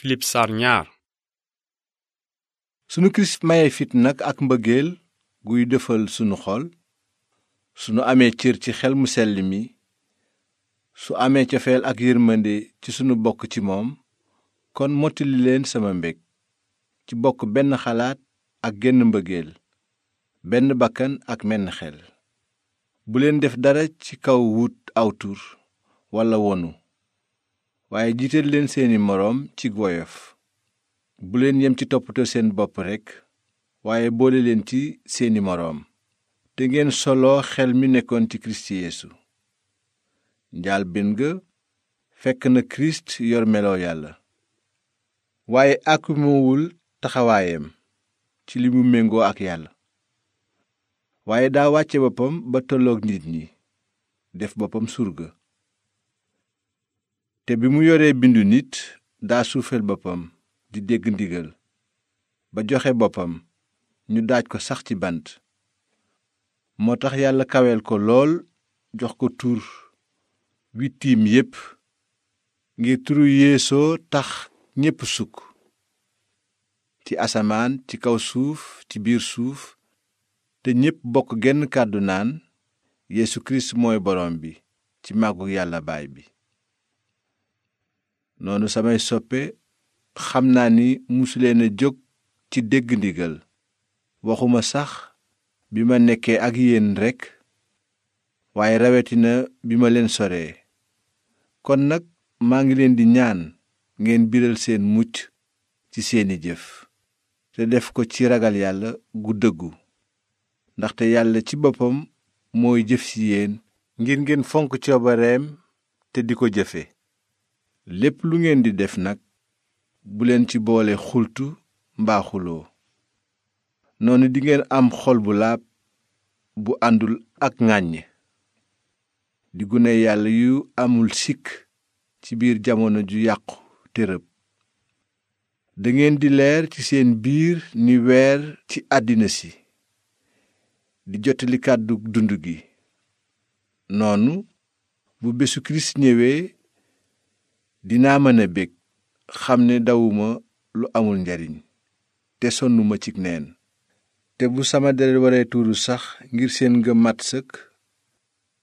Filip sar ñaar sunu kirist maye fit nag ak mbëggeel guy defal sunu xol nu amee cër ci xel mu sell mi su amee cofeel ak yërmande ci sunu bokk ci moom kon mottali leen sama mbég ci bokk benn xalaat ak genn mbëggeel benn bakkan ak menn xel bu leen def dara ci kaw wut aw tur walla wonu waaye jiital leen seeni moroom ci woyof bu leen yem ci toppatoo seen bopp rekk waaye boole leen ci seeni moroom te ngeen soloo xel mi nekkoon ci kirist yeesu njaal benn ga fekk na kirist yor meloo yàlla waaye àkkumawul taxawaayam ci li mu méngoo ak yàlla waaye daa wàcce boppam ba tolloog nit ñi def boppam surga te bi mu yoree bindu nit daa suufeel boppam di dégg ndigal ba joxe boppam ñu daaj ko sax ci bant moo tax yàlla kaweel ko lool jox ko tur wi tiim yépp ngir turu yeesoo tax ñépp sukk ci asamaan ci kaw suuf ci biir suuf te ñépp bokk genn kàddu naan Yeesu Kirist mooy borom bi ci màggu yàlla baay bi noonu samay soppe xam naa ni musuleen a jóg ci dégg ndigal waxuma sax bi ma nekkee ak yéen rekk waaye rawetina bi ma leen soree kon nag maa ngi leen di ñaan ngeen biral seen mucc ci seeni jëf te def ko ci ragal yàlla gu dëggu ndaxte yàlla ci boppam mooy jëf ci yéen ngir ngeen fonk coobareem te di ko jëfe lépp lu ngeen di def nag buleen ci boole xultu mbaaxuloo noonu dingeen am xol bu laab bu àndul ak ŋàññ di gune yàlla yu amul sikk ci biir jamono ju yàqu te rëb dangeen di leer ci seen biir ni weer ci àddina si di jottali kàddu dund gi noonu bu bésu kirist ñëwee dinaa mën a bég xam ne dawuma lu amul njariñ te sonnuma cig neen te bu sama deret waree tuuru sax ngir seen ngëm mat sëkk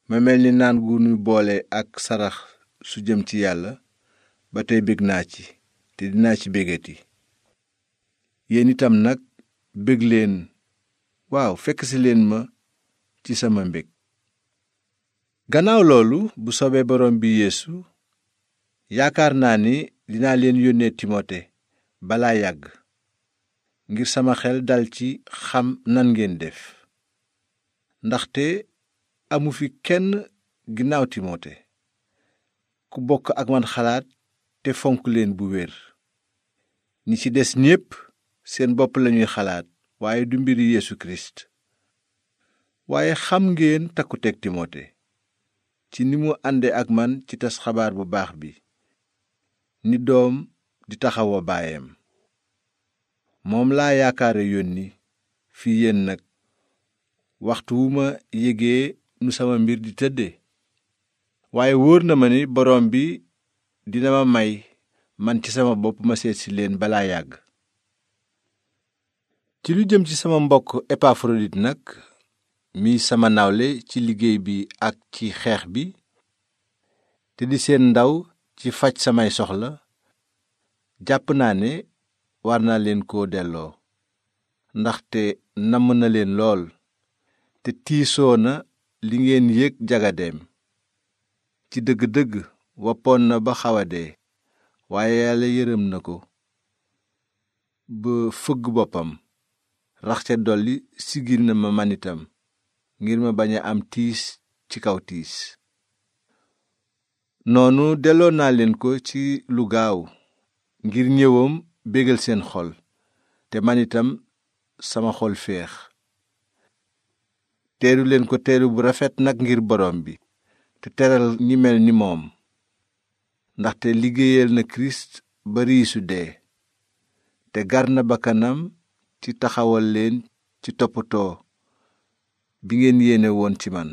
ma mel ni naan gu nu boole ak sarax su jëm ci yàlla ba tey bég naa ci te dinaa ci bégati yéen itam nag bég leen waaw fekk si leen ma ci sama mbég gannaaw loolu bu sobee borom bi yeesu yaakaar naa ni dinaa leen yónnee timote balaa yàgg ngir sama xel dal ci xam nan ngeen def ndaxte amu fi kenn ginnaaw timote ku bokk ak man xalaat te fonk leen bu wér ñi ci des ñépp seen bopp lañuy xalaat waaye du mbiri Yeesu Kirist waaye xam ngeen takkuteg timote ci ni mu àndee ak man ci tas xabaar bu baax bi ni doom di taxawoo baayam moom laa yaakaare yónni fii yéen nag waxtu wu ma yégee nu sama mbir di tëdde waaye wóor na ma ni boroom bi dina ma may man ci sama bopp ma seet si leen balaa yàgg ci lu jëm ci sama mbokk Epafrodit nag mi sama nawle ci liggéey bi ak ci xeex bi te di seen ndaw ci faj samay soxla jàpp naa ne war naa leen koo delloo ndaxte namm na leen lool te tiisoo na li ngeen yëg jagadeem ci dëgg-dëgg wappoon na ba xaw a dee waaye yàlla yërëm na ko ba fëgg boppam rax ca dolli sigil na ma manitam ngir ma bañ a am tiis ci kaw tiis noonu delloo naa leen ko ci lu gaaw ngir ñëwam bégal seen xol te man itam sama xol féex teeru leen ko teeru bu rafet nag ngir borom bi te teral ñi mel ni moom ndaxte liggéeyal na kirist ba riisu dee te gar na bakkanam ci taxawal leen ci toppatoo bi ngeen yéene woon ci man